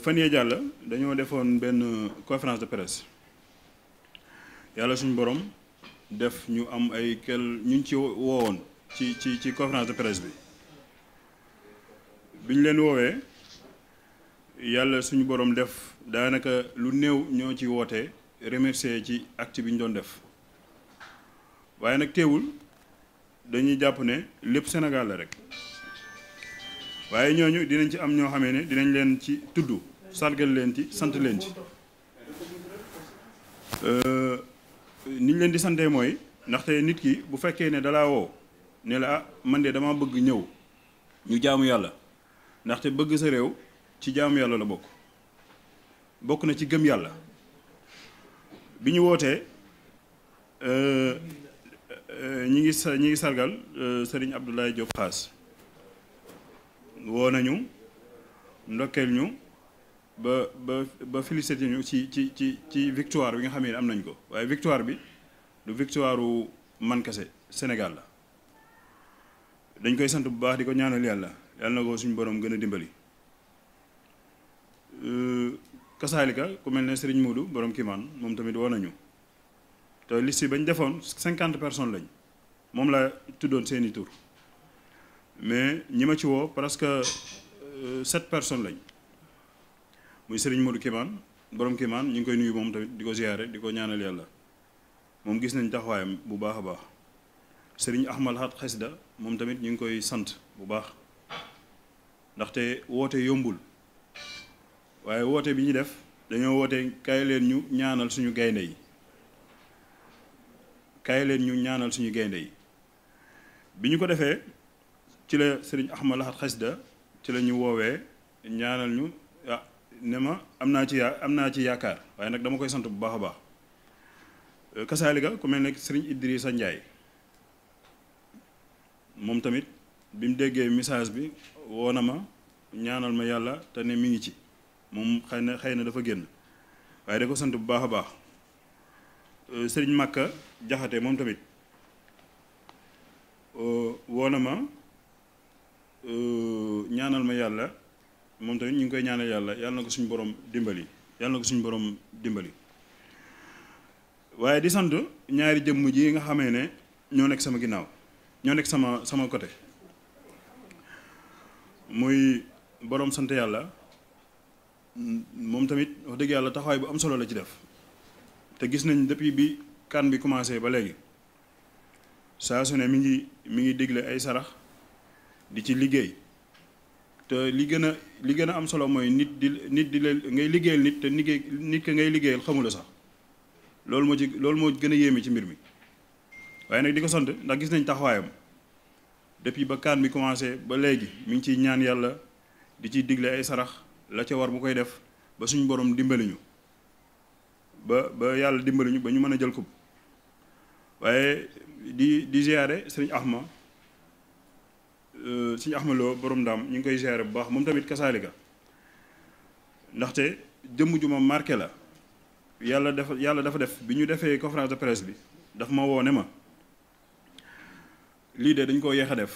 fan yee jàll dañoo defoon benn conférence de presse yàlla suñu borom def ñu am ay kel ñu ci woowoon ci ci ci conférence de presse bi bi ñu leen woowee yàlla suñu borom def daanaka lu néew ñoo ci wootee remercier ci act bi ñu doon def waaye nag teewul dañuy jàpp ne lépp Sénégal la rek waaye ñoo ñooñu dinañ ci am ñoo xamee ne dinañ leen ci tudd sargal leen ci sant leen ci euh, niñ leen di santee mooy ndaxte nit ki bu fekkee ne dalaa woo ne la ah man de dama bëgg ñëw ñu jaamu yàlla ndaxte bëgg sa réew ci jaamu yàlla la bokk bokk na ci gëm yàlla bi ñu wootee euh, euh, ñi ngi ñi ngi sargal Serigne Abdoulaye Diop Xaas woo nañu ndokkeel ñu ba ba ba félicité ñu ci ci ci ci victoire bi nga xam ne am nañ ko waaye victoire bi du victoire wu man kese Sénégal la dañ koy sant bu baax di ko ñaanal yàlla yàlla na ko suñu borom gën a dimbali. Euh, kasaalika ku mel ne Serigne Moodu borom Kimaan moom tamit woo nañu te liste bañ defoon cinquante personnes lañ moom laa tuddoon seeni tour mais ñi ma ci woo presque euh, set personnes lañ muy Serigne Modou Kimane borom Kimane ñu ngi koy nuyu moom tamit di ko ziyaare di ko ñaanal yàlla moom gis nañ taxawaayam bu baax a baax Serigne Ahmad Hat Xasida moom tamit ñu ngi koy sant bu baax ndaxte woote yombul waaye woote bi ñu def dañoo woote kaay leen ñu ñaanal suñu gaynde yi kaay leen ñu ñaanal suñu gaynde yi bi ñu ko defee. ci la sëriñ Ahmad Lahat Xasida ci la ñu woowee ñaanal ñu ah ne ma am naa ci yaa am naa ci yaakaar waaye nag dama koy sant bu baax a baax euh, kasaalika ku mel ne sëriñ Idrissa Ndiaye moom tamit bi mu déggee missage bi woo na ma ñaanal ma yàlla te ne mi ngi ci moom xëy na xëy na dafa génn waaye da ko sant bu baax a baax euh, sëriñ Màkka Jaxate moom tamit euh, woo na ma Euh, ñaanal ma yàlla moom tamit ñu ngi koy ñaanal yàlla yàlla na ko suñu borom dimbali yàlla na ko suñu boroom dimbali waaye di sant ñaari jëmm ji nga xame ne ñoo nekk sama ginnaaw ñoo nekk sama sama côté muy boroom sant yàlla moom tamit wax dëgg yàlla taxawaay bu am solo la ci def te gis nañ depuis bi kan bi commencé ba léegi saa su ne mi ngi mi ngi digle ay sarax di ci liggéey te li gën a li gën a am solo mooy nit di nit di la ngay liggéeyal nit te liggéey nit ki ngay liggéeyal xamula sax loolu moo ci loolu moo gën a yéeme ci mbir mi waaye nag di ko sant ndax gis nañ taxawaayam depuis ba kaan bi commencé ba léegi mi ngi ciy ñaan yàlla di ciy digle ay sarax la ca war bu koy def ba suñu borom dimbaliñu ba ba yàlla dimbaliñu ba ñu mën a jël ko waaye di di ziare sëriñ Axma Euh, suñu axmaloo borom ndaam ñu ngi koy gérer bu baax moom tamit kasaalika ndaxte jëmm ju ma marqué la yàlla dafa yàlla dafa def bi ñu defee conférence de presse bi daf ma woone ma lii de dañ koo yeex a def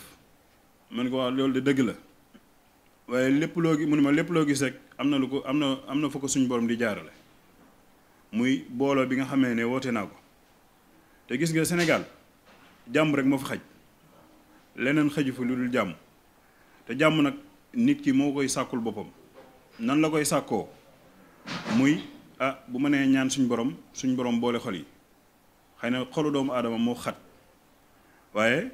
man ko wax loolu de dëgg la waaye lépp loo gi ma lépp loo gis rek am na lu ko am na am na fa ko suñu borom di jaarale muy booloo bi nga xamee ne woote naa ko te gis nga Sénégal jàmm rek moo fa xaj leneen xëju fi lu dul jàmm te jàmm nag nit ki moo koy sàkkul boppam nan la koy sàkkoo muy a ah, bu ma nee ñaan suñ borom suñ borom boole xol yi xëy na xolu doomu aadama moo xat waaye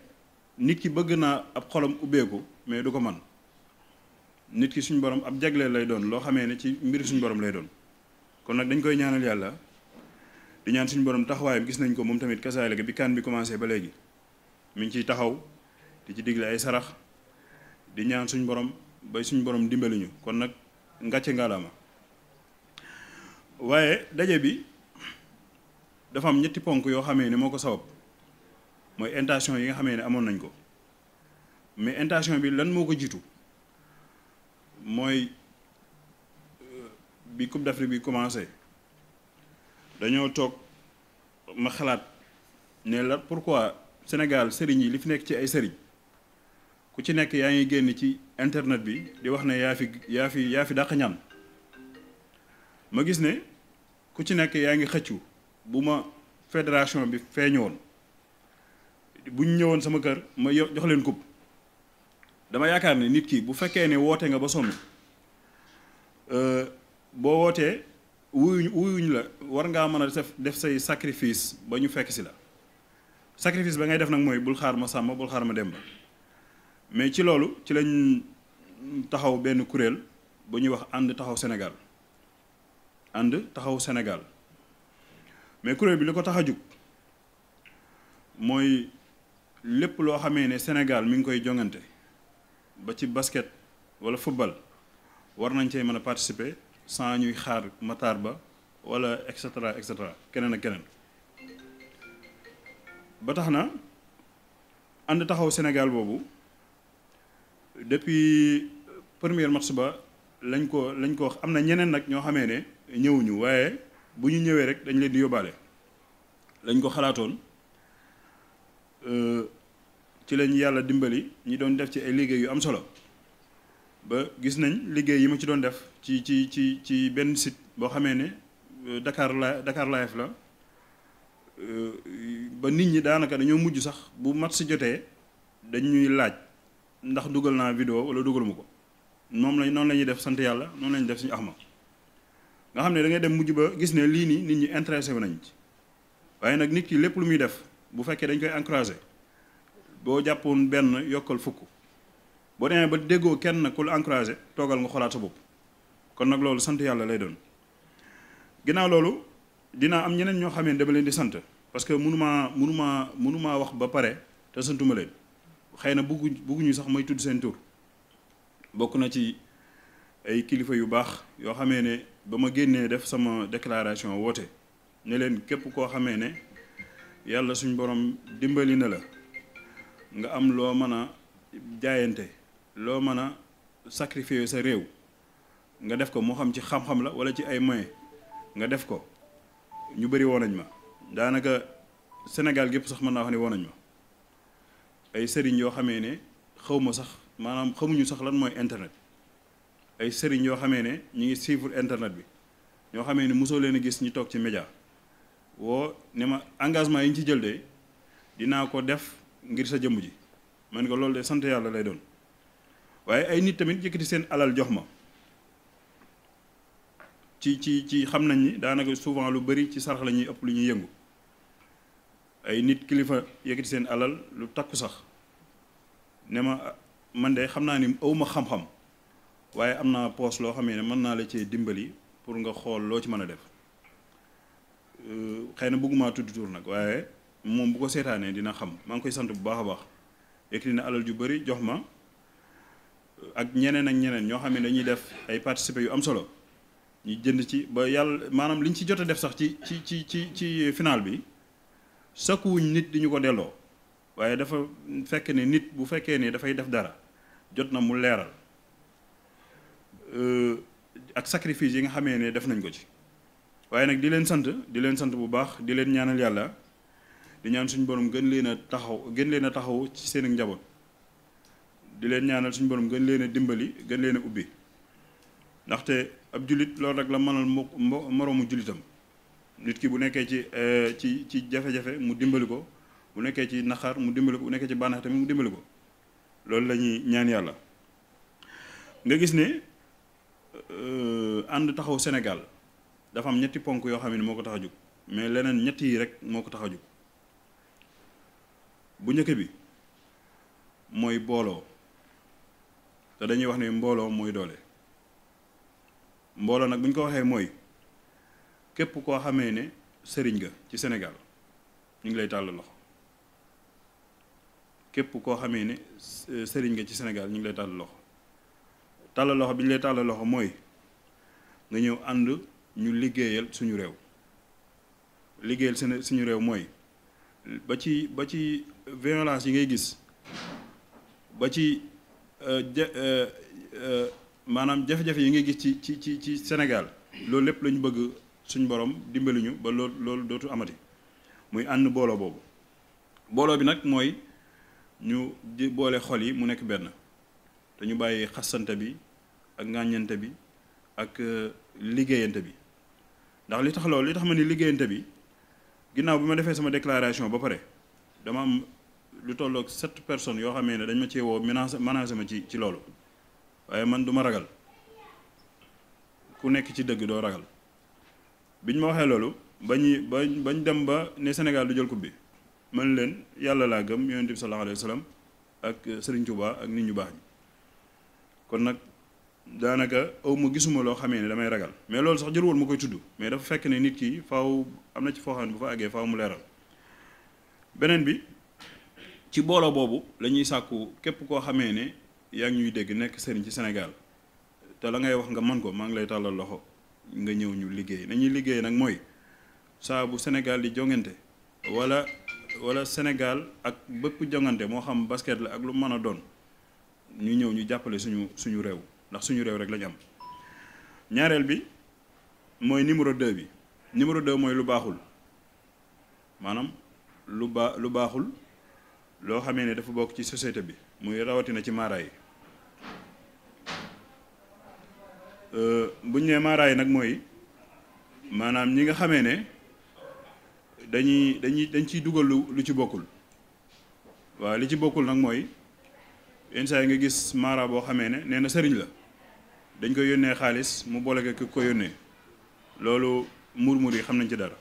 nit ki bëgg naa ab xolam ubbeeku mais du ko man nit ki suñ borom ab jagleel lay doon loo xamee ne ci mbir suñ borom lay doon kon nag dañ koy ñaanal yàlla di ñaan suñ borom taxawaayam gis nañ ko moom tamit kasaay la bi kaan bi commencé ba léegi mi ngi ciy taxaw li ci digle ay sarax di ñaan suñ borom bay suñ borom dimbali kon nag ngàcce ngalaama waaye daje bi dafa am ñetti ponk yoo xamee ne moo ko sabab mooy intention yi nga xamee ne amoon nañ ko mais intention bi lan moo ko jiitu mooy euh, bi Coupe d'Afrique bi commencé dañoo toog ma xalaat ne la pourquoi Sénégal sëriñ yi li fi nekk ci ay sëriñ ku ci nekk yaa ngi génn ci internet bi di wax na yaa fi yaa fi yaa fi dàq ñam ma gis ne ku ci nekk yaa ngi xëccu bu ma fédération bi feeñoon bu ñu ñëwoon sama kër ma jox leen coupe dama yaakaar ne nit ki bu fekkee ne woote nga ba sonn euh, boo wootee wuyuñ wuyuñ la war ngaa mën a def def say sacrifice ba ñu fekk si la sacrifice ba ngay def nag mooy bul xaar ma sàmm bul xaar ma dem ba mais ci loolu ci lañ taxaw benn kuréel bu ñuy wax ànd taxaw senegal ànd taxaw senegal mais kuréel bi li ko tax a jug mooy lépp loo xamee ne Sénégal mi ngi koy jongante ba ci basket wala football war nañ cee mën a participer sans ñuy xaar Matar Ba wala et cetera et cetera keneen ak keneen ba tax na ànd taxaw Sénégal boobu. depuis euh, première match ba lañ ko lañ ko wax am na ñeneen nag ñoo xamee ne ñëwuñu waaye bu ñu ñëwee rek dañ leen di yóbbaale lañ ko xalaatoon euh, ci lañ yàlla dimbali ñi doon def ci ay liggéey yu am solo ba gis nañ liggéey yi ma ci doon def ci ci ci ci benn sit boo xamee ne euh, Dakar la Dakar Live la ba nit ñi daanaka dañoo mujj sax bu match jotee dañ ñuy laaj. ndax dugal naa vidéo wala dugaluma ko moom lañ noonu lañuy def sant yàlla noonu la ñuy def suñu axma nga xam ne da ngay dem mujj ba gis ne lii nii nit ñi intéressé wu nañ ci waaye nag nit ki lépp lu muy def bu fekkee dañ koy encouragé boo jàppoon benn yokkal fukk boo demee ba déggoo kenn ku la encouragé toogal nga xolaat sa bopp kon nag loolu sant yàlla lay doon ginnaaw loolu dinaa am ñeneen ñoo xam ne dama leen di sant parce que mënumaa mënumaa mënumaa wax ba pare te santuma leen xëy na buggu bugguñu sax mooy tudd seen tur bokk na ci ay kilifa yu baax yoo xamee ne ba ma génnee def sama déclaration woote ne leen képp koo xamee ne yàlla suñ borom dimbali na la nga am loo mën a jaayante loo mën a sacrifier sa réew nga def ko moo xam ci xam-xam la wala ci ay moyens nga def ko ñu bëri woon nañ ma daanaka Sénégal gépp sax mën naa wax ne woon nañ ma ay sëriñ yoo xamee ne xaw sax maanaam xamuñu sax lan mooy internet ay sëriñ yoo xamee ne ñu ngi suivre internet bi ñoo xamee ne mosoo leen gis ñu toog ci média woo ne ma engagement yi ñu ci jël de dinaa ko def ngir sa jëmm ji man ko loolu de sant yàlla lay doon waaye ay nit tamit yëkkati seen alal jox ma ci ci ci xam nañ ni daanaka souvent lu bari ci sarax la ñuy ëpp lu ñuy yëngu. ay nit kilifa yëkkati seen alal lu takku sax ne ma man de xam naa ni awma xam-xam waaye am naa poos loo xamee ne mën naa la cee dimbali pour nga xool loo ci mën a def euh, xëy na bëgguma tudd tur nag waaye moom bu ko seetaanee dina xam maa ngi koy sant bu baax a baax yëkkati dina alal ju bari jox ma ak ñeneen ak ñeneen ñoo xam ne dañuy def ay participer yu am solo ñu jënd ci ba yàlla maanaam liñ ci jot a def sax ci ci ci ci ci final bi sakkuwuñ nit di ñu ko delloo waaye dafa fekk ne nit bu fekkee ne dafay def dara jot na mu leeral euh, ak sacrifice yi nga xamee ne def nañ ko ci waaye nag di leen sant di leen sant bu baax di leen ñaanal yàlla di ñaan suñu borom gën leen a taxaw gën leen a taxaw ci seen njaboot di leen ñaanal suñu borom gën leen a dimbali gën leen a ubbi ndaxte ab jullit loolu rek la mënal mo moroomu jullitam nit ki bu nekkee ci euh, ci ci jafe-jafe mu dimbali ko bu nekkee ci naxaar mu dimbali ko bu nekkee ci bànneex tamit mu dimbali ko loolu lañuy ñaan yàlla nga gis ne euh, ànd taxaw Sénégal dafa am ñetti ponk yoo xam ne moo ko tax a jóg mais leneen ñetti rek moo ko tax a jóg bu njëkk bi mooy booloo te dañuy wax ne mbooloo mooy doole mbooloo nag bu ñu ko waxee mooy képp koo xamee ne sëriñ ga ci Sénégal ñu ngi lay tàll loxo képp koo xamee ne sëriñ nga ci Sénégal ñu ngi lay tàll loxo loxo bi ñu lay tàll loxo mooy nga ñëw ànd ñu liggéeyal suñu réew liggéeyal seen suñu réew mooy ba ci ba ci violence yi ngay gis ba ci euh, euh, euh, maanaam jafe-jafe yi ngay gis ci ci ci ci Sénégal loolu lépp lañu bëgg suñ borom ñu ba loolu loolu dootu amati muy ànd booloo boobu booloo bi nag mooy ñu di boole xol yi mu nekk benn te ñu bàyyi xasante bi ak ŋàññante bi ak euh, liggéeyante bi ndax li tax loolu li tax ma ni liggéeyante bi ginnaaw bi ma defee sama déclaration ba pare dama am lu tolloog sept personnes yoo xamee ne dañ ma cee woo menacé menacé ma ci ci loolu waaye man du ma ragal ku nekk ci dëgg doo ragal biñ ma waxee loolu ba ñuy bañ dem ba ne Sénégal du jël coupe bi man leen yàlla laa gëm yonent bi sa alayhi wa sallam ak Serigne Touba ak nit ñu baax ñi kon nag daanaka aw ma gisuma loo xamee ne damay ragal mais loolu sax jëruwoon ma koy tudd mais dafa fekk ne nit ki faw am na ci foo xam ne bu fa àggee faw mu leeral beneen bi ci booloo boobu lañuy sàkku képp koo xamee ne yaa ngi ñuy dégg nekk sëriñ ci Sénégal te la ngay wax nga man ko maa ngi lay tàllal loxo nga ñëw ñu liggéey nañuy liggéey nag mooy saabu bu di jongante wala wala Sénégal ak bëpp jongante moo xam basket la ak lu mën a doon ñu ñëw ñu jàppale suñu suñu réew ndax suñu réew rek lañu am ñaareel bi mooy numéro 2 bi numéro 2 mooy lu baaxul maanaam lu ba lu baaxul loo xamee ne dafa bokk ci société bi muy rawatina ci maara yi Euh, bu ñu nee maaraay nag mooy maanaam ñi nga xamee ne dañuy dañuy dañ ciy dugal lu ci bokkul waaw li ci bokkul nag mooy yenn yi nga gis maara boo xamee ne nee na sëriñ la dañ koy yónnee xaalis mu boole ko ko yónnee loolu murmur yi xam nañ ci dara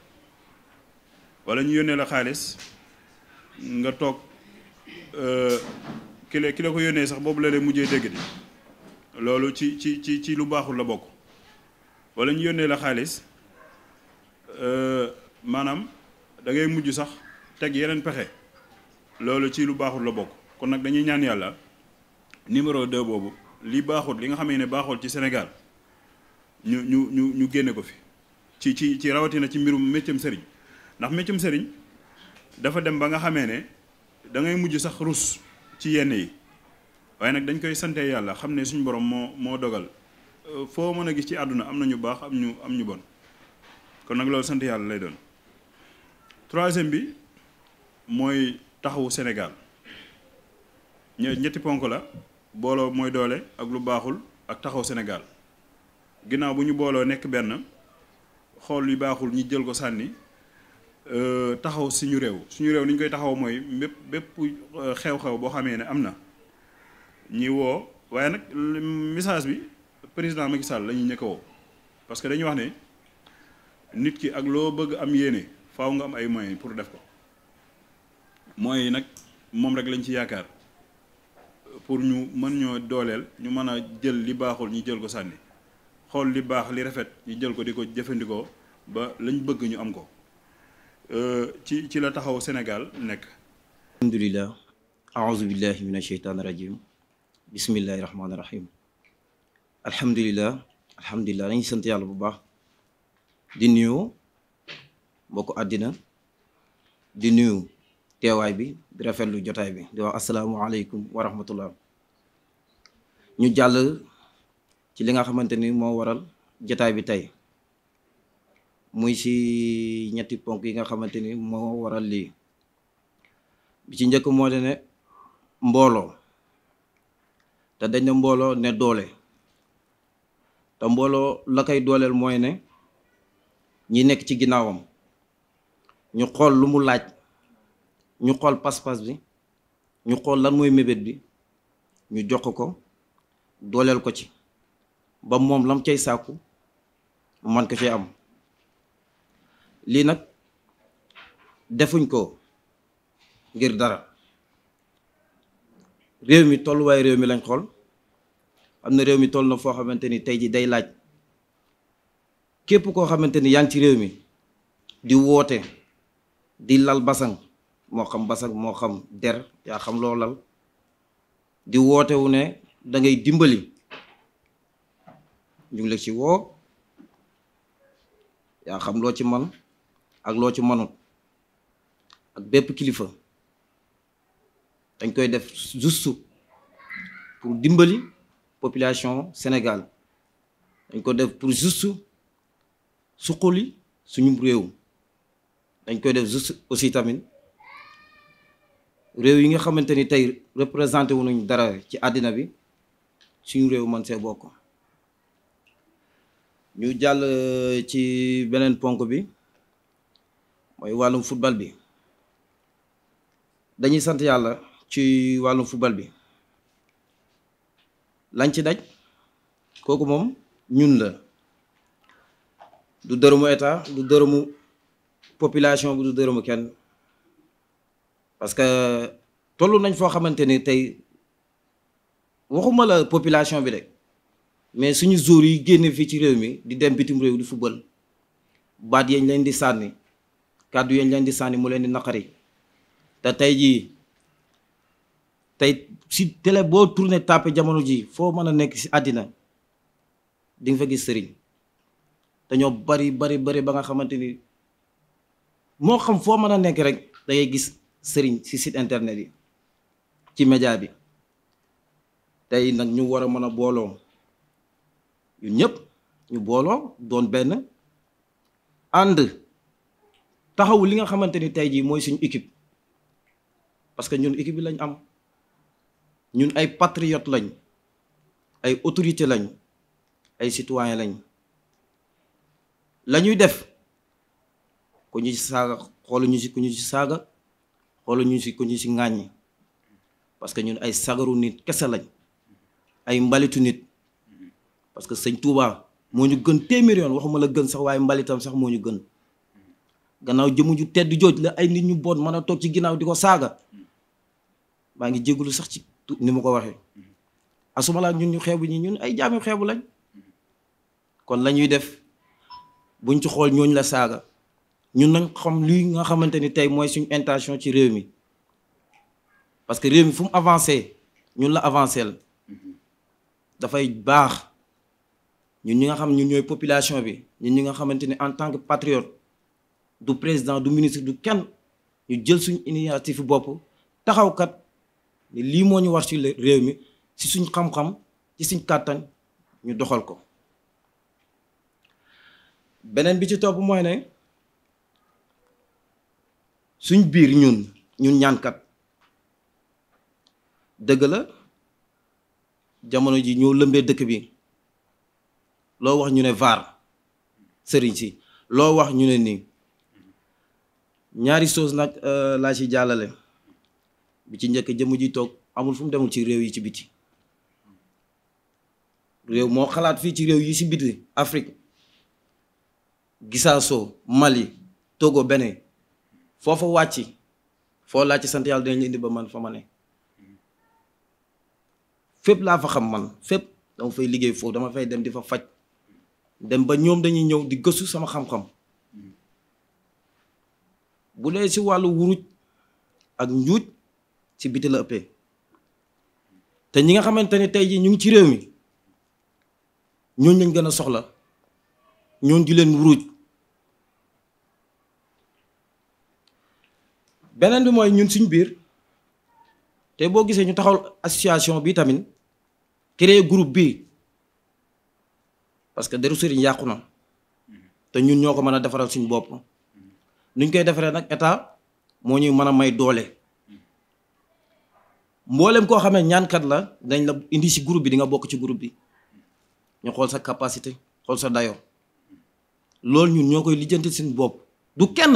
wala ñu yónnee la xaalis nga toog euh, ki la ki la ko yónnee sax boobu la leen mujjee dégg di loolu ci ci ci ci lu baaxul la bokk wala ñu yónnee la xaalis euh, maanaam dangay mujj sax teg yeneen pexe loolu ci lu baaxul la bokk kon nag dañuy ñaan yàlla numéro 2 boobu li baaxul li nga xamee ne baaxul ci Sénégal ñu ñu ñu génne ko fi ci ci ci rawatina ci mbirum méccam sëriñ ndax méccam sëriñ dafa dem ba nga xamee ne da ngay mujj sax rus ci yenn yi waaye nag dañ koy sante yàlla xam ne suñu borom moo moo dogal euh, foo mën a gis ci àdduna am na ñu baax am ñu am ñu bon kon nag loolu sant yàlla lay doon troisième bi mooy taxawu Sénégal ñetti ponk la booloo mooy doole ak lu baaxul ak taxaw Sénégal ginnaaw bu ñu booloo nekk benn xool yi baaxul ñi jël ko sànni euh, taxaw suñu réew suñu réew ni ñu koy taxaw mooy bépp bépp euh, xew-xew boo xamee ne am na ñi woo waaye nag message bi président Macky Sall la ñuy parce que dañuy wax ne nit ki ak loo bëgg am yéene faaw nga am ay moyens pour def ko moyens yi nag moom rek lañ ci yaakaar pour ñu mën ñoo dooleel ñu mën a jël li baaxul ñu jël ko sànni xool li baax li rafet ñu jël ko di ko jëfandikoo ba lañ bëgg ñu am ko euh, ci ci la taxaw Sénégal nekk alhamdulillah aouzu billahi minash shaytaani rajim bismillahi rahmaani rahim alhamdulilah alhamdulilah dañuy sant yàlla bu baax di nuyoo bokk àddina di nuyu teewaay bi di rafetlu jotaay bi di wax asalaamualeykum wa rahmatullah ñu jàll ci li nga xamante ni moo waral jotaay bi tey muy si ñetti ponk yi nga xamante ni moo waral lii bi ci njëkk moo de ne mbooloo te dañ ne mbooloo ne doole te mbooloo la koy dooleel mooy ne ñi nekk ci ginnaawam ñu xool lu mu laaj ñu xool pas-pas bi ñu xool lan mooy mébét bi ñu jox ko dooleel ko ci ba moom lam cay saaku man ko cay am lii nag defuñ ko ngir dara réew mi tolluwaay réew mi lañ xool am na réew mi toll na foo xamante ni tey ji day laaj képp koo xamante ni yaa ngi ci réew mi di woote di lal basang moo xam basang moo xam der yaa xam loo lal di wootewu ne dangay dimbali ñu ngi la ci woo yaa xam loo ci man ak loo ci manut ak bépp kilifa dañ koy def juste pour dimbali population Sénégal dañ ko def pour juste suqali suñu réew dañ koy def juste aussi tamit réew yi nga xamante ni tey représenté wu nañu dara ci àddina bi suñu réew man see bokk ñu jàll euh, ci beneen ponk bi mooy wàllum football bi dañuy sant yàlla ci wàllum football bi lañ ci daj kooku moom ñun la du dërëmu état du dërëmu population bi du dërëmu kenn parce que toll nañ foo xamante ni tey waxuma la population bi rek mais suñu joueurs yi génne fii ci réew mi di dem bitim réew di football baat yañ lañ di sànni kàddu yañ lañ di sànni mu leen di naqari te tey jii tey si télé boo tourné tapé jamono ji foo mën a nekk si àddina dinga fa gis sëriñ dañoo bari bari bari ba nga xamante ni moo xam foo mën a nekk rek da gis sëriñ si site internet yi ci média bi tey nag ñu war a mën a booloo ñun ñëpp ñu booloo doon benn ànd taxawu li nga xamante ni tey jii mooy suñ équipe parce que ñun équipe bi lañ am. ñun ay patriote lañ ay autorité lañ ay citoyen lañ la ñuy def ku ñu ci saaga xoolu ñu ci ku ñu ci saaga ñu ci ku ñu parce que ñun ay sagaru nit kese lañ ay mbalitu nit parce que sëñ Touba moo ñu gën téeméer yoon waxuma la gën sax waaye mbalitam sax moo ñu gën gannaaw jëmu ju tedd jooj la ay nit ñu bon mën a toog ci ginnaaw di ko saaga maa ngi jégalu sax ci ni mu ko waxee asumala ñun ñu xeebu ñi ñun ay jaami xeebu lañ kon lañuy ñuy def buñ ci xool ñooñ la saaga ñun nañ xam lii nga xamante ni tey mooy suñu intention ci réew mi parce que réew mi fu mu avancé ñun la avancé la dafay baax ñun ñi nga xam ñu ñooy population bi ñun ñi nga xamante ni en tant que patriote du président du ministre du kenn ñu jël suñu initiative bopp taxaw lii moo ñu war ci réew mi ci suñ xam-xam ci suñ kàttan ñu doxal ko beneen bi ci topp mooy ne suñ biir ñun ñun ñaankat dëgg la jamono ji ñoo lëmbee dëkk bi loo wax ñu ne vaar sëriñ si loo wax ñu ne nii ñaari soos nag euh, laa ci jàllale bi ci njëkk jëmm ji toog amul fu mu demul ci réew yi ci biti réew moo xalaat fii ci réew yi ci biti Afrique Gisaaso Mali Togo Benin foofa wàcc foo laa ci sant yàlla dinañ la ba man fa ma ne fépp laa fa xam man fépp dama fay liggéey foof dama fay dem di fa faj dem ba ñoom dañuy ñëw di gëstu sama xam-xam mm. bu dee ci wàllu wuruj ak njuuj ci biti la ëppee te ñi nga xamante ni tey jii ñu ngi ci réew mi ñooñu lañ gën a soxla ñooñu di leen ruuj beneen bi mooy ñun suñu biir te boo gisee ñu taxawal association bi tamit créer groupe bi parce que deru sëriñ yàqu na te ñun ñoo ko mën a defaral suñu bopp nuñ koy defaree nag état moo ñuy mën a may doole. mboolem koo xamee ñaankat la dañ la indi si groupe bi di nga bokk ci groupe bi ñu xool sa capacité xool sa dayo loolu ñun ñoo koy lijjanti seen bopp du kenn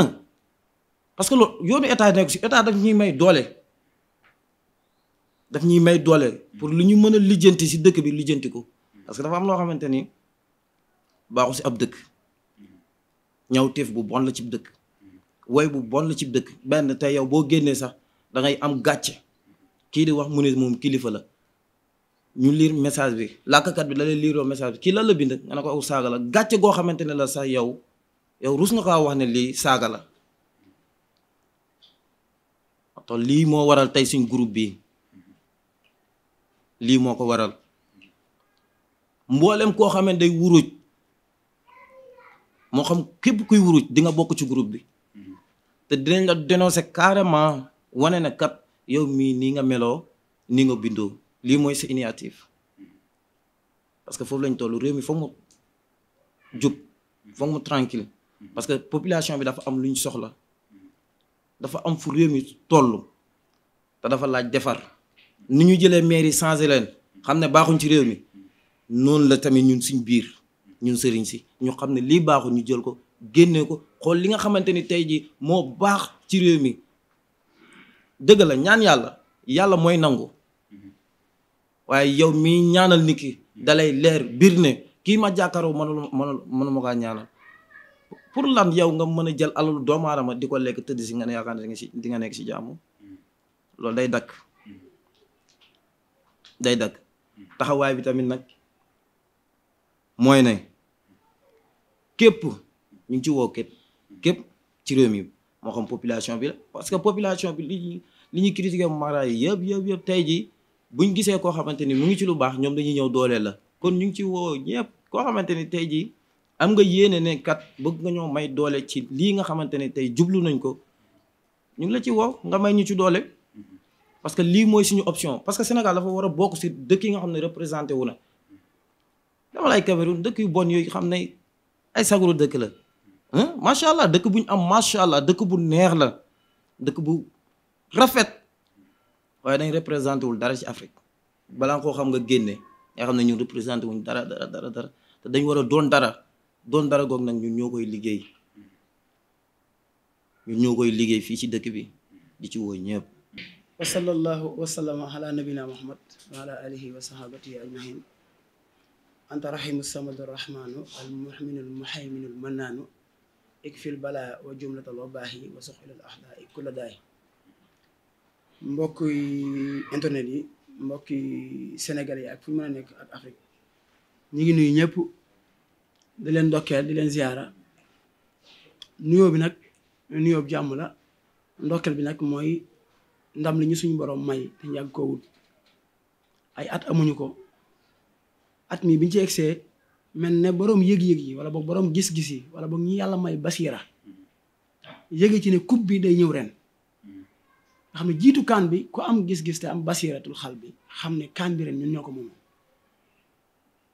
parce que loolu yoonu état nekk si état daf ñuy may doole daf ñuy may doole pour lu ñu mën a lijjanti si dëkk bi lijjanti ko parce que dafa am loo xamante ni baaxu si ab dëkk teef bu bon la ci dëkk woy bu bon la ci dëkk benn tey yow boo génnee sax da ngay am gàcce kii di wax mu ne moom kilifa la ñu lire message bi làkkat bi la lay liiroo message bi kii laa la bind nga ne ko aw saaga la gàcce goo xamante ne la sax yow yow rus nga kaa wax ne lii saaga la to lii moo waral tey suñ groupe bi lii moo ko waral mboolem koo xamante day wuruj moo xam képp kuy wuruj di nga bokk ci groupe bi te dinañ la dénoncer carrément kat yow mii nii nga meloo nii nga bindoo lii mooy sa initiative parce que foofu lañ tollu réew mi foog mu jub foog mu tranquille parce que population bi dafa am lu ñu soxla dafa am fu réew mi toll te dafa laaj defar ni ñu jëlee maire yi changé leen xam ne baaxuñ ci réew mi noonu la tamit ñun suñ biir ñu sëriñ si ñu xam ne lii baaxul ñu jël ko génne ko xool li nga xamante ni tey jii moo baax ci réew mi dëgg la ñaan yàlla yàlla mooy nangu waaye yow mii ñaanal nit ki dalay leer biir ne kii ma jàkkaaroo mënul mënul mënu ma kaa ñaanal pour lan yow nga mën a jël alalu doomu aadama di ko lekk tëdd si nga ne yaakaar ne si di nga nekk si jaamu loolu day dakk day dakk taxawaay bi tamit nag mooy ne képp ñu ngi ci woo képp képp ci réew mi moo xam population bi parce que population bi li ñuy critiqué mara yi yëpp yëpp yëpp tey jii buñ gisee koo xamante ni mu ngi ci lu baax ñoom dañuy ñëw dooleel la kon ñu ngi ci woo ñëpp koo xamante ni tey jii am nga yéene ne bëgg nga ñoo may doole ci lii nga xamante ne tey jublu nañ ko ñu ngi la ci woo nga may ñu ci doole parce que lii mooy suñu option parce que Sénégal dafa war a bokk si dëkk yi nga xam ne représenté wu na dama lay Cameroun dëkk yu bon yooyu xam ne ay sagru dëkk la macha allah dëkk bu am macha allah dëkk bu neex la dëkk bu rafet waaye dañ représenté wul dara ci Afrique balaa nga koo xam nga génne nga xam ne ñu représenté wuñ dara dara dara dara te dañ war a doon dara doon dara goog nag ñu ñoo koy liggéey ñu ñoo koy liggéey fii ci dëkk bi di ci woo ñëpp wa sallallahu wa sallama ala nabina muhammad wa ala alihi wa sahabatihi ajmahin anta rahimu samadu rahmanu almuhminu almuhayminu almannaanu ikfil bala wa jumlatal wabaahi wa suxilal ahdaai kulla daay mbokk internet yi mbokk sénégalais yi ak fu ñu mën a nekk ak Afrique ñu ngi nuyu ñëpp di leen ndokkeel di leen ziyaara nuyoo bi nag nuyoo jàmm la ndokkeel bi nag mooy ndam li ñu suñu borom may te ñu koo wut ay at amuñu ko at mi biñ ci egsee mel ne borom yëg-yëg yi wala boog borom gis-gis wala boog ñi yàlla may basiira yëge ci ne coupe bi day ñëw ren. xam ne jiitu kaan bi ko am gis-gis te am basiratul xal bi xam ne kaan bi ren ñun ñoo ko moom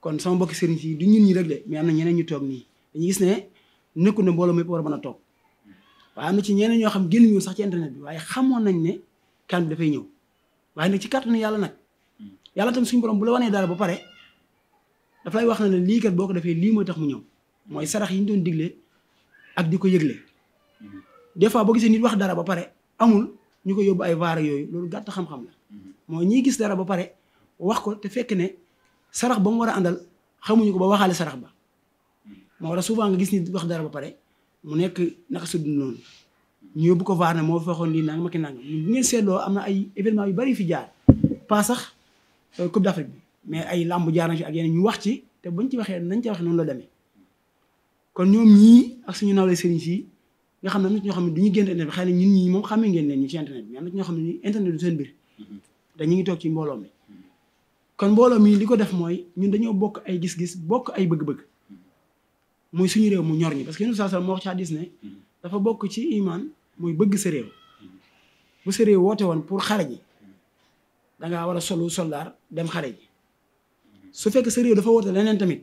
kon sama mbokki sëriñ si du ñun ñi rek de mais am na ñeneen ñu toog nii dañu gis ne nekku ne mbooloo mépp war a a toog waaye ci ñeneen ñoo xam génn sax ci bi waaye xamoon nañ ne kaan dafay ñëw waaye nag ci kàttanu yàlla nag yàlla tam suñu borom bu la wanee dara ba pare dafay wax na ne lii kat boo ko defee lii mooy tax mu ñëw mooy sarax yi ñu doon digle ak di ko yëgle mm-hmm. des fois boo gisee nit wax dara ba pare amul ñu ko yóbbu ay vaare yooyu loolu gàtt xam-xam la mm-hmm. moo ñiy gis dara ba pare wax ko te fekk ne sarax ba mu war a àndal xamuñu ko ba waxaale sarax ba mm-hmm. moo war a souvent nga gis ni wax dara ba pare mu nekk naka sudd noonu ñu yóbbu ko vaar ne moo fexoon lii nangam ak nangam bu ngeen am na ay événement yu bari fi jaar pas sax euh, Coupe d'Afrique mais ay làmb jaar nañ ci ñu wax ci te buñ ci waxee nañ ca waxee noonu la demee kon ñoom ñii ak suñu nawle sëriñ si nga xam ne am na ci ñoo xam ne du ñu génn internet bi xëy na ñun ñi moom xamee ngeen leen ñu ci internet bi am na ci ñoo xam ne internet du seen biir te mm-hmm. ñu ngi toog ci mbooloo mi kon mbooloo mi li ko def mooy ñun dañoo bokk ay gis-gis bokk ay bëgg-bëgg mm-hmm. muy suñu réew mu ñor ñi parce que yéen saa saa moo wax ci hadiis ne mm-hmm. dafa bokk ci iman muy bëgg sa réew bu sa réew woote woon pour xare ji dangaa war a solu soldaar dem xare ji su fekk sa réew dafa woote leneen tamit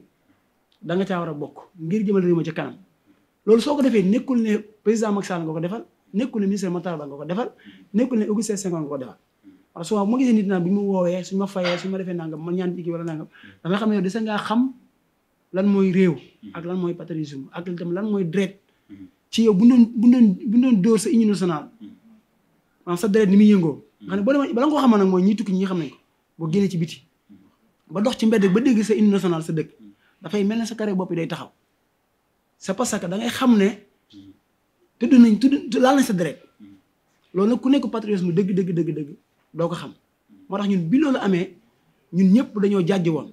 da nga caa war a bokk ngir jëmal réew ma ca kanam loolu soo ko defee nekkul ne président Macky Sall nga ko defal nekkul ne ministre Matar Ba nga ko defal nekkul ne Augustin Senghor nga ko defal parce que bu ma gisee nit naan bi mu woowee suñu ma fayee suñu ma defee nangam ma ñaan diggi wala nangam da xam ne yow ngaa xam lan mooy réew ak lan mooy patriotisme ak itam lan mooy dret ci yow bu doon bu doon bu doon sa union nationale maanaam sa dret ni muy yëngoo nga ne boo demee bala nga ko xaman nag mooy ñi tukki ñi xam nañ ko boo génnee ci biti ba dox ci mbedd ba dégg sa union national sa dëkk dafay mel ne sa carré bopp day taxaw c'est parce que da ngay xam ne tudd nañ tudd laal nañ sa deret loolu ne ku nekk patriotisme dëgg dëgg dëgg dëgg doo ko xam moo tax ñun bi loolu amee ñun ñëpp dañoo jàjj woon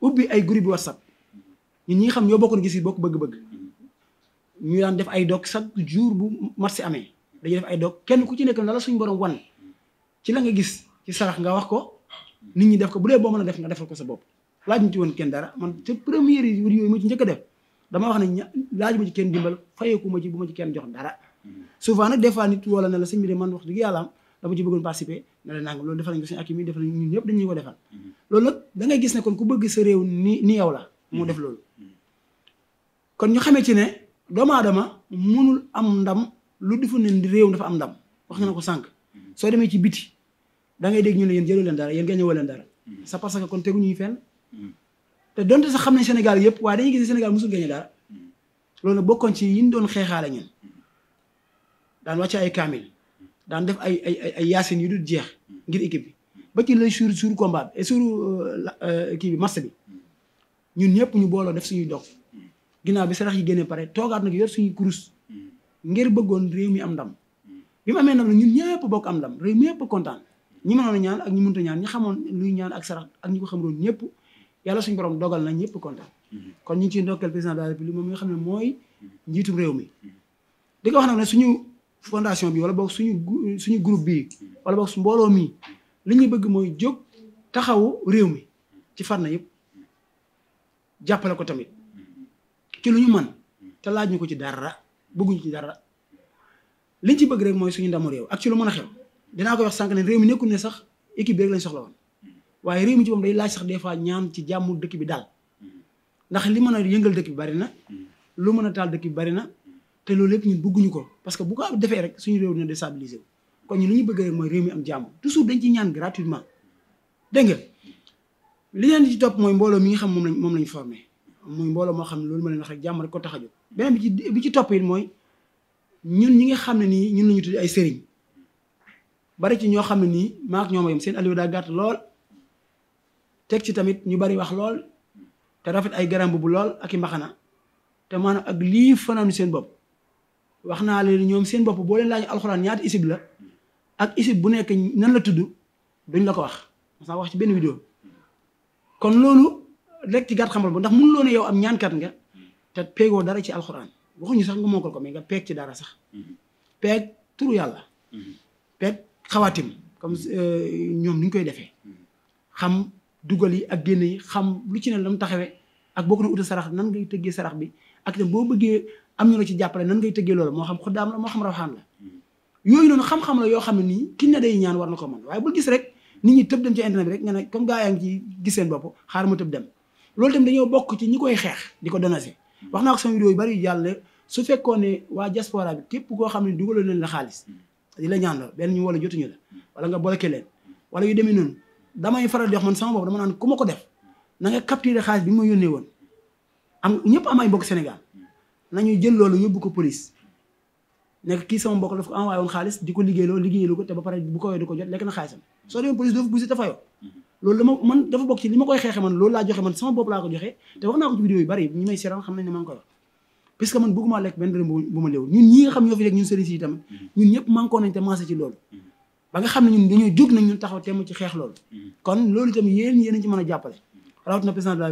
ubbi ay groupe whatsapp ñun ñi xam ñoo bokkoon gis yi bokk bëgg-bëgg ñu daan def ay dog chaque jour bu marché amee dañuy def ay dog kenn ku ci nekk na la suñu borom wan ci la nga gis ci sarax nga wax ko nit ñi def ko bu dee boo mën a def nga defal ko sa bopp laa ñu ci woon kenn dara man te première yooyu ma ci njëkk def dama wax ne ña laajuma ci kenn dimbal fayeeku ma ci bu ma ci kenn jox dara souvent nag des nit wala ne la sëñ bi de man wax dëgg yàlla am dama ci bëggoon participer ne la loolu nag da gis ne kon ku bëgg sa réew ni ni yow la moo def loolu kon ñu xamee ne doomu aadama mënul am ndam lu defu ne réew dafa am ndam wax nga ne ko sànq soo demee ci biti da ngay dégg ñu ne yéen jëloo leen dara yéen gañëwoo leen dara c'est parce que kon teguñuy fenn te donte sax xam ne Sénégal yëpp waaye dañuy gis ne Sénégal mosul gañe dara loolu nag bokkoon ci yi ñu doon xeexaale ñun daan wàcce ay kaamil daan def ay ay ay yaasin yu du jeex ngir équipe bi ba ci lay suur suur combat bi suur euh, euh, kii bi match bi ñun ñëpp ñu booloo def suñuy dox ginnaaw bi sarax yi génnee pare toogaat nag yor suñuy kurus ngir bëggoon réew mi am ndam bi mu amee ndam ñun ñëpp bokk am ndam réew mi ñëpp kontaan ñi mënoon a ñaan ak ñi mënut a ñaan ñi xamoon luy ñaan ak ak ñi ko xamoon ñëpp. yàlla suñu borom dogal nañ ñëpp kontaan mm-hmm. kon ñi ngi ciy ndokkeel président de la république moom mi nga xam ne mooy mm-hmm. njiitu réew mi mm-hmm. di ko wax nag ne suñu fondation bi wala boog suñu suñu groupe bi wala boog mbooloo mi li ñu bëgg mooy jóg taxawu réew mi ci fànn yëpp jàppale ko tamit ci lu mën te laaj ñu ko ci dara bëgguñu ci dara liñ ci bëgg rek mooy suñu ndamu réew ak ci lu mën a xew dinaa ko wax sànq ne réew mi nekkul ne sax équipe bi rek lañ soxla woon waaye réew mi ci moom day laaj sax des fois ñaan ci jàmm dëkk bi daal ndax li mën a yëngal dëkk bi bari na lu mën a taal dëkk bi bari na te loolu lépp ñun bëgguñu ko parce que bu ko defee rek suñu réew dina déstabilisé wu kon ñun li ñu bëgg mooy réew mi am jàmm toujours dañ ci ñaan gratuitement dégg nga li leen ci topp mooy mbooloo mi nga xam moom lañ moom lañ formé muy mbooloo moo xam ne loolu ma leen wax rek jàmm rek ko tax a jóg beneen bi ci bi ci mooy ñun ñi nga xam ne nii ñun ñu tudd ay sëriñ bari ci ñoo xam ne nii maa ñoom yam seen aliou daa gàtt lool teg ci tamit ñu bari wax lool te rafet ay garam bu lool ak i mbaxana te maanaam ak lii fanaanu seen bopp wax naa leen ñoom seen bopp boo leen laaj alxuraan ñaata isib la ak isib bu nekk nan la tudd duñ la ko wax masaa wax ci benn vidéo kon loolu rek ci gàtt xamal bu ndax mënuloo ne yow am ñaankat nga te peegoo dara ci alxuraan waxuñu sax nga mokkal ko mais nga peeg ci dara sax peeg turu yàlla mm-hmm. peeg xawaatim comme euh, ñoom ni koy defee mm-hmm. dugal yi ak génn yi xam lu ci ne la mu taxawee ak boo ko doon utal sarax nan ngay tëggee sarax bi ak itam boo bëggee am ñu la ci jàppale nan ngay tëggee loolu moo xam xuddaam la moo xam la yooyu noonu xam-xam la yoo xam ne nii ki ne day ñaan war na ko mën waaye bul gis rek nit ñi tëb dem ci internet bi rek nga ne comme gaa yaa ngi ci gis seen bopp xaar ma tëb dem loolu tamit dañoo bokk ci ñu koy xeex di ko donase wax na ko sama vidéo yu bari yàlla su fekkoon ne waa diaspora bi képp koo xam ne dugaloo leen la xaalis di la ñaan la benn ñu wala jotuñu la wala nga bloqué leen wala yu demee noonu damay faral di wax man sama bopp dama naan ku ma ko def na nga capturer xaalis bi ma yónnee woon am ñëpp am ay mbokk Sénégal nañuy jël loolu yóbbu ko police nekk kii sama mbokk daf ko envoyé woon xaalis di ko liggéeyloo liggéeyalu ko te ba pare bu ko wee du ko loolu dama man bokk ci li ma koy xeexe man loolu laa joxe man sama bopp laa ko joxe te wax naa ko ci vidéo yu bari ñu may seetaan xam nañ ne maa ngi koy wax puisque man bëgguma lekk benn dërëm bu ma léewul ñun ñi nga xam ñoo fi rek ñun sëriñ si tamit ñun ñëpp manqué nañ te mancé ci loolu ba nga xam ne ñun dañoo jóg nañ ñun taxaw temm ci xeex loolu. Mm-hmm. kon loolu tamit yéen yéen ci mën a jàppale. rawatina la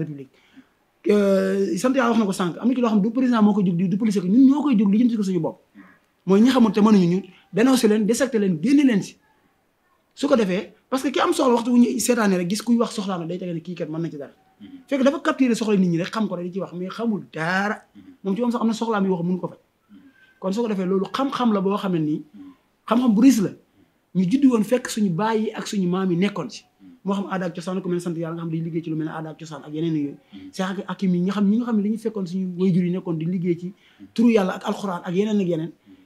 euh, wax na ko sànq am loo xam du président moo koy jóg du police ko ñun ñoo koy jóg mm-hmm. leen désecté leen ko defee parce que am soxla waxtu wu ñu seetaanee gis kuy wax soxlaam day tege ne kii kat na ci dara. Mm-hmm. fekk dafa capturé soxla ko rek am na soxlaam yoo xam mënu ko kon su ko defee loolu xam-xam la boo xam ne nii xam-xam bu riis la ñu juddi woon fekk suñu baay yi ak suñu maam yi nekkoon ci moo xam aada ak cosaan ko mel sant yàlla nga xam dañu liggéey ci lu mel ne aada ak cosaan ak yeneen yooyu seex mm. ak akim yi nga xam ne yeneen mm.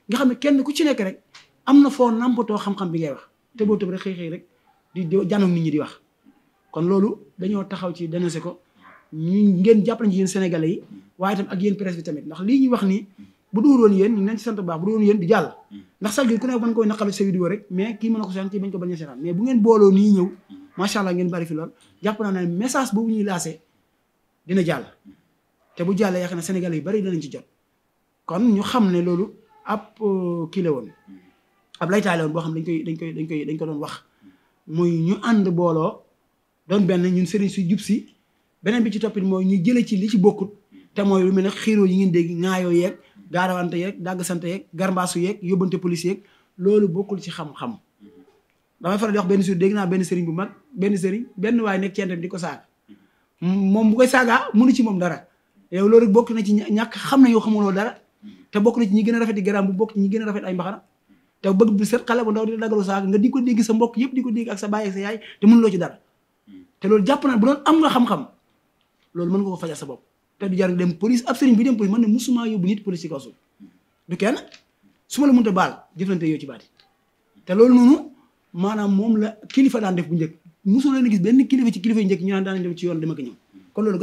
nga xam ne kenn ku ci nekk rek am na foo nampatoo xam-xam bi ngay wax mm. te boo tëb rek xëy xëy rek di janoog nit ñi di wax kon loolu dañoo taxaw ci dénoncé ko ñu ngeen jàppale ci yéen sénégalais yi waaye itam ak yéen presse tamit ndax lii ñuy wax nii bu dóoroon yéen ñu nañ ci sant baax bu dóoroon yéen di jàll hmm. ndax sal gi ku nekk mën koy naqal sa mais a seetaan mais bu ngeen booloo nii ñëw hmm. macha allah ngeen bari fi lool jàpp naa ne message boobu ñuy dina jàll hmm. te bu jàllee yaakaar na Sénégalais yu bari danañ ci jot kon ñu xam ne loolu ab euh, kii woon ab lay la boo xam dañ koy dañ koy dañ koy dañ ko doon wax muy ñu ànd booloo doon benn ñun sëriñ si jub si beneen bi ci toppit mooy ñu jëlee ci li ci bokkut te mooy lu mel ne xiiroo yi ngeen dégg ŋaayoo yeeg gaarawante yeeg dàggsante yeeg garmbaasu yeeg yóbbante police yeeg loolu bokkul ci xam-xam damay faral di wax benn suur dégg naa benn sëriñ bu mag benn sëriñ benn waaye nekk ceentem di ko saaga moom bu koy saagaa mënu ci moom dara loolu bokk na ci ñàkk xam na yow xamuloo dara te bokk ci ñi gën a rafet yi garaam bu bokk ci gën a rafet ay mbaxana te bëgg bi xale bu ndaw di dagalu saaga nga di ko dégg sa mbokk yëpp di ko dégg ak sa baay ak sa yaay te ci dara te loolu jàpp na bu doon am nga xam-xam loolu mën nga ko fajal sa bopp te du jar dem police ab bi dem police man ne musuma yóbbu nit police ci kaw suuf la mënta moom la kilifa daan def bu njëkk musu leen gis benn kilifa ci kilifa yu ko ñëw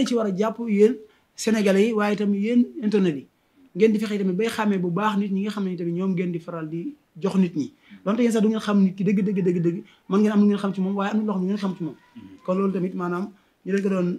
a ci war a jàpp yéen sénégalais yi waaye itam yéen internet tamit bu baax nit ñi nga xam ne tamit ñoom ngeen di faral di jox nit ñi donte yéen sax du xam nit ki dëgg dëgg dëgg dëgg man ngeen am lu ngeen xam ci moom waaye am na loo xam ngeen xam ci moom kon loolu tamit maanaam ñu leen ko doon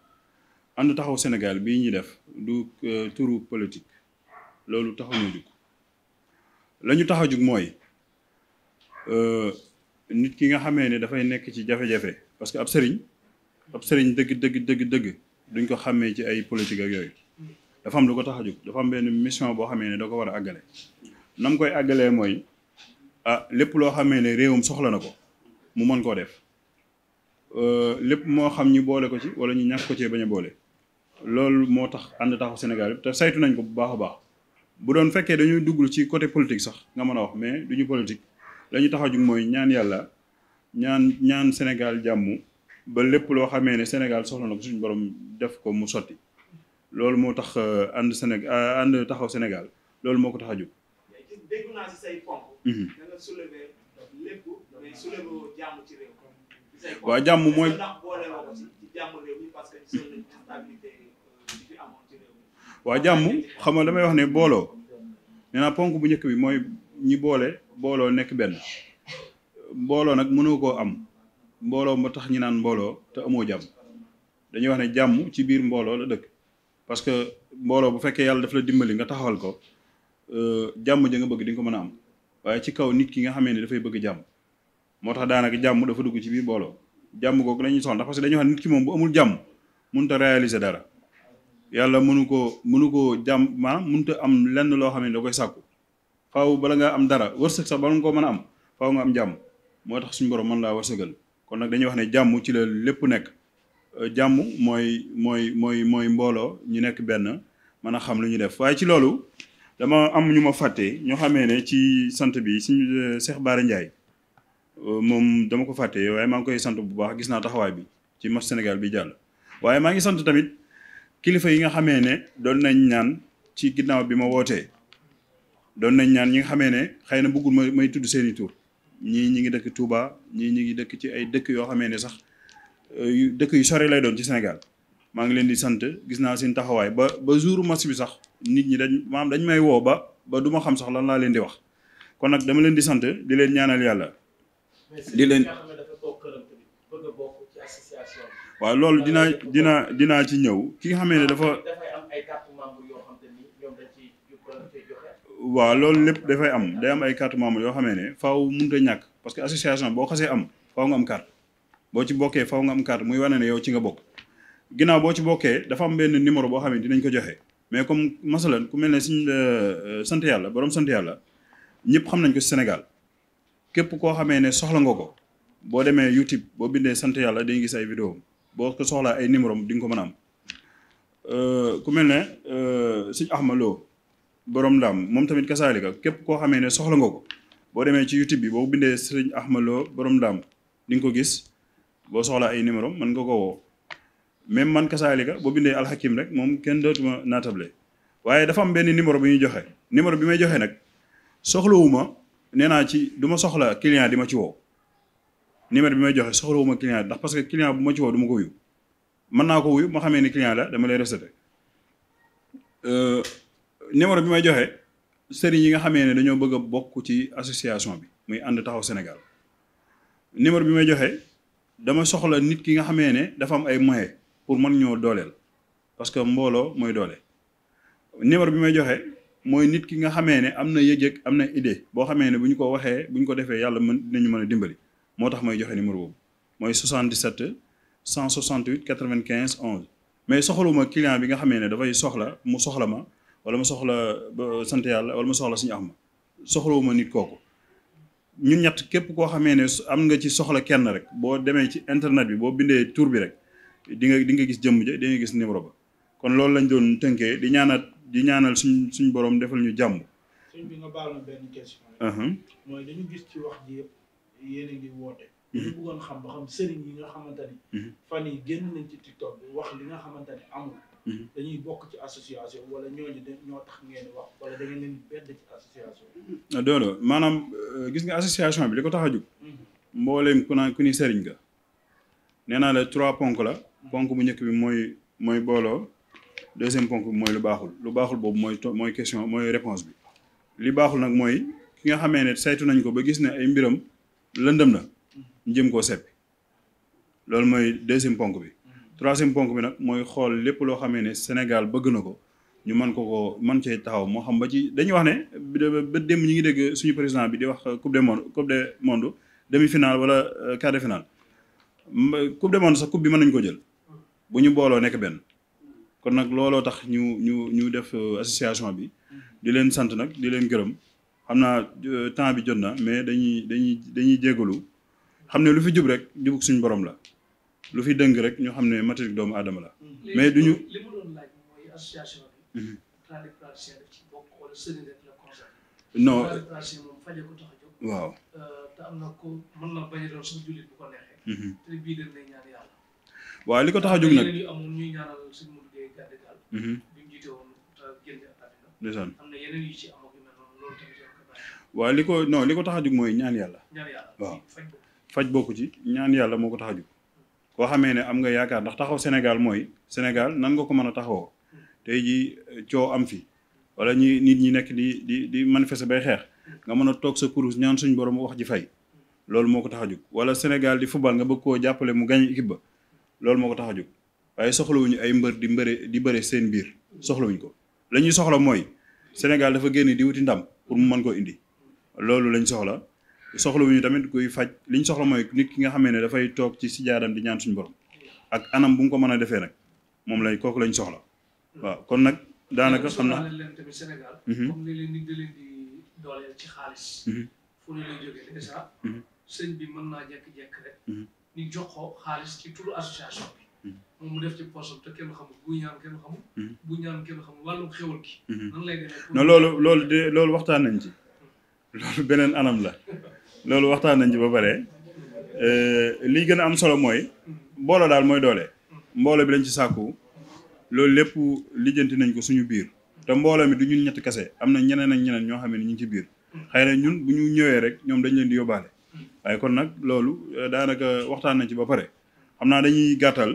ànd taxaw senegal bii ñuy def du euh, turu politique loolu taxaw ñu jug la ñu taxaw jug mooy euh, nit ki nga xamee ne dafay nekk ci jafe-jafe parce que ab sëriñ ab sëriñ dëgg dëgg dëgg dëgg duñ ko xamee ci ay politique ak yooyu dafa am lu ko taxa a jug dafa am benn mission boo xamee ne da ko war a àggale nam koy àggalee mooy ah lépp loo xamee ne réewam soxla na ko mu mën koo def euh, lépp moo xam ñu boole ko ci wala ñu ñàkk ko cee bañ boole loolu moo tax ànd taxaw Sénégal te saytu nañ ko bu baax a baax bu doon fekkee dañuy dugg ci côté politique sax nga mën a wax mais duñu politique la ñu taxaw jug mooy ñaan yàlla ñaan ñaan Sénégal jàmmu ba lépp loo xamee ne Sénégal soxla nag ko suñu borom def ko mu sotti loolu moo tax euh, ànd Sénégal euh, ànd taxaw Sénégal loolu moo ko tax a jug. dégg mhm. jàmm mooy. waa jàmm xam nga damay wax ne booloo nee ponk bu njëkk bi mooy ñi boole booloo nekk benn mbooloo nag mënoo koo am mbooloo moo tax ñi naan mbooloo te amoo jàmm dañuy wax ne jàmm ci biir mbooloo la dëkk parce que mbooloo bu fekkee daf la dimbali nga taxawal ko euh, jàmm ja nga bëgg di nga ko mën a am waaye ci kaw nit ki nga xamee ne dafay bëgg jàmm moo tax daanaka jàmm dafa dugg ci biir booloo jàmm googu la ñuy soxla parce que dañuy wax nit ki moom bu amul jàmm mënut a réaliser dara yàlla mënu koo mënu koo jàmm maanaam mënut a am lenn loo xam ne da koy sàkku faaw bala nga am dara wërsëg sax bala nga ko mën a am faw nga am jàmm moo tax suñu borom mën laa wërsëgal kon nag dañuy wax ne jàmm ci la lépp nekk euh, jàmm mooy mooy mooy mooy mbooloo ñu nekk benn mën a xam lu ñu def waaye ci loolu dama am ñu ma fàtte ñoo xamee ne ci sant bi suñu euh, Cheikh Bara Ndiaye euh, moom dama ko fàtte waaye maa ngi koy sant bu baax a gis naa taxawaay bi ci match Sénégal bi jàll waaye maa ngi sant tamit kilifa yi nga xamee ne doon nañ ñaan ci ginnaaw bi ma wootee doon nañ ñaan ñi nga xamee ne xëy na bëggul ma may tudd seeni tuur ñii ñi ngi dëkk Touba ñii ñi ngi dëkk ci ay dëkk yoo xamee ne sax euh, dëkk yu sore lay doon ci Sénégal maa ngi leen di sant gis naa seen taxawaay ba ba jour match bi sax nit ñi dañ maam dañ may woo ba ba du xam sax lan laa leen di wax kon nag dama leen di sant di leen ñaanal yàlla di leen waaw loolu dina dina dinaa ci ñëw ki nga xamee ne dafa waaw loolu lépp dafay am day am ay carte membre yoo xamee ne faaw mënut a ñàkk parce que association boo xasee am faaw nga am carte boo ci bokkee faaw nga am carte muy wane ne yow ci nga bokk ginaaw boo ci bokkee dafa am benn numéro boo xam ne dinañ ko joxe mais comme masalan ku mel ne suñ euh, euh, sant yàlla borom sant yàlla ñëpp xam nañ ko Sénégal képp koo xamee ne soxla nga ko boo demee YouTube boo bindee sant yàlla dañuy gis ay vidéo boo ko soxlaa ay numéro di nga ko mën a euh, ku mel ne euh, sëñ Axma Lo borom ndaam moom tamit kasaalika képp koo xamee ne soxla nga ko boo demee ci YouTube bi boo bindee sëñ Axma Lo borom ndaam di ko gis boo soxlaa ay numéro mën nga ko woo man kasaalika boo bindee alxakim rek moom kenn dootuma naatable waaye dafa am benn numéro bu ñuy joxe numéro bi may joxe nag soxlawuma nee naa ci du ma soxla client di ma ci woo numéro bi may joxe soxlawuma client ndax parce que client bu ma ci woo du mën naa ko wuyu ma xamee ni client la dama lay reseté euh, numéro bi may joxe sëriñ yi nga xamee ne dañoo bëgg a bokk ci association bi muy ànd taxaw Sénégal numéro bi may joxe dama soxla nit ki nga xamee ne dafa am ay moyens pour mën ñoo dooleel parce que mbooloo mooy doole numéro bi may joxe mooy nit ki nga xamee ne am na yëg-yëg am na idée boo xamee ne bu ñu ko waxee bu ñu ko defee yàlla mën dinañu mën a dimbali moo tax may joxe numéro boobu mooy 77 168 95 11 mais soxaluma client bi nga xamee ne dafay soxla mu soxla ma wala mu soxla sant yàlla wala mu soxla suñu ax ma soxlawuma nit kooku ñun ñett képp koo xamee ne am nga ci soxla kenn rek boo demee ci internet bi boo bindee tour bi rek di nga di nga gis jëmm ja di gis numéro ba kon loolu lañ doon tënkee di ñaanal di ñaanal suñ suñ borom defal ñu jàmm. yéen ngi woote. Mhm. ñu bëggoon xam ba xam sëriñ yi nga xamante ni. Mhm. fan yi génn nañ ci TikTok bi wax li nga xamante ni amul. Mhm. dañuy bokk ci association wala ñooñu ñoo tax ngeen wax wala da ngeen bedd ci association. Ah, maanaam euh, gis nga association bi li ko tax a jóg. mbooleem ku naan ku ni sëriñ ga nee naa la trois ponk la. ponk bu njëkk bi mooy mooy booloo. deuxième ponk bi mooy lu baaxul lu baaxul boobu mooy to mooy question mooy réponse bi. li baaxul nag mooy ki nga xamee ne saytu nañ ko ba gis ne ay mbiram. lëndëm na ñu jëm koo seppi loolu mooy deuxième ponk bi troisième ponk bi nag mooy xool lépp loo xamee ne Sénégal bëgg na ko ñu mën ko ko mën cee taxaw moo xam ba ci dañuy wax ne ba démb ñu ngi dégg suñu président bi di wax coupe du monde coupe du wala euh, quart de finale coupe du monde sax coupe bi mën nañ ko jël bu ñu booloo nekk benn kon nag looloo tax ñu ñu ñu def euh, association bi di leen sant nag di leen gërëm xam naa euh, temps bi jot na mais dañuy dañuy dañuy jégalu xam ne lu fi jub rek jubug suñu boroom la lu fi dëng rek ñu xam ne matériel doomu adama la. mais duñu mhm. euh, mhm. li ko tax a jóg. waaw li ko tax jóg nag waaye li ko non li ko tax a jug mooy ñaan yàlla. waaw faj bokku ci ñaan yàlla moo ko tax a jug. koo xamee ne am nga yaakaar ndax taxaw Sénégal mooy Sénégal nan ko mën a taxawoo tey jii eh, coow am fi wala ñi nit ñi nekk di di di manifester bay xeex nga mën a toog sa kurus ñaan suñu borom wax ji fay. loolu moo ko tax wala Sénégal di football nga bëgg koo jàppale mu gañ équipe ba loolu moo ko tax a jug waaye soxlawuñu ay mbër di mbëre di bëre seen biir soxlawuñu ko la ñuy soxla mooy Sénégal dafa génn di wuti ndam pour mu mën koo indi. loolu lañ soxla soxlawuñu tamit kuy faj liñ soxla mooy nit ki nga xamee ne dafay toog ci si sijaadam di ñaan suñu borom ak anam bu mu ko mën a defee nag moom lañ kooku lañ soxla waaw kon nag daanaka xam na leen tamit Sénégal mhm. comme ni leen nit da leen loolu loolu de loolu waxtaan nañ ci loolu beneen anam la loolu waxtaan nañ ci ba pare euh, lii gën a am solo mooy mbooloo daal mooy doole mbooloo bi lañ ci sàkku loolu lépp lijjanti nañ ko suñu biir te mbooloo mi du ñun ñetti kese am na ñeneen ak ñeneen ñoo xam ne ñu ngi ci biir xëy na ñun bu ñu ñëwee rek ñoom dañ leen di yóbbaale waaye kon nag loolu euh, daanaka waxtaan nañ ci ba pare xam naa dañuy gàttal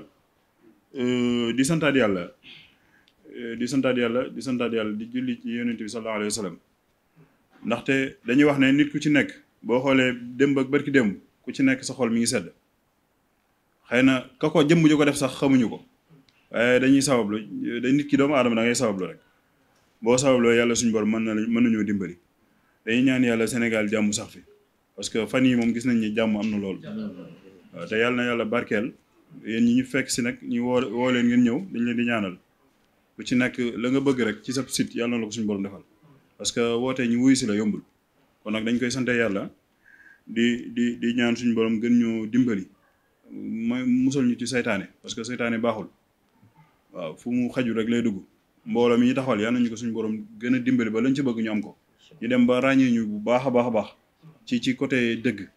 euh, di santaat yàlla di santaat yàlla di santaat yàlla di julli ci yonent bi sallallahu alayhi wa ndaxte dañuy wax ne nit ku ci nekk boo xoolee démb ak barki démb ku ci nekk sa xol mi ngi sedd xëy na ka ko jëmm ju ko def sax xamuñu ko waaye dañuy sabablu da nit ki doomu aadama da ngay sabablu rek boo sababloo yàlla suñu borom mën na mën nañoo dimbali dañuy ñaan yàlla Sénégal jàmm sax fi parce que fan yi moom gis nañ ni jàmm am na lool waaw te yàlla na yàlla barkeel yéen ñi ñu fekk si nag ñu woo woo leen ngeen ñëw dañ leen di ñaanal ku ci nekk la nga bëgg rek ci sa site yàlla na la ko suñu borom defal parce que woote ñu wuyu si la yombul kon nag dañ koy sante yàlla di di di ñaan suñu borom gën ñu dimbali ma musal ñu ci seytaane parce que saytaane baaxul waaw fu mu xaju rek lay dugg mbooloo mi ñu taxawal yal nañu ko suñu borom gën dimbali ba lañ ci bëgg ñu am ko ñu dem ba ràññee ñu bu baax a baax a baax ci ci côté dëgg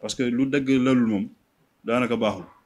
parce que lu dëgg lalul moom daanaka baaxul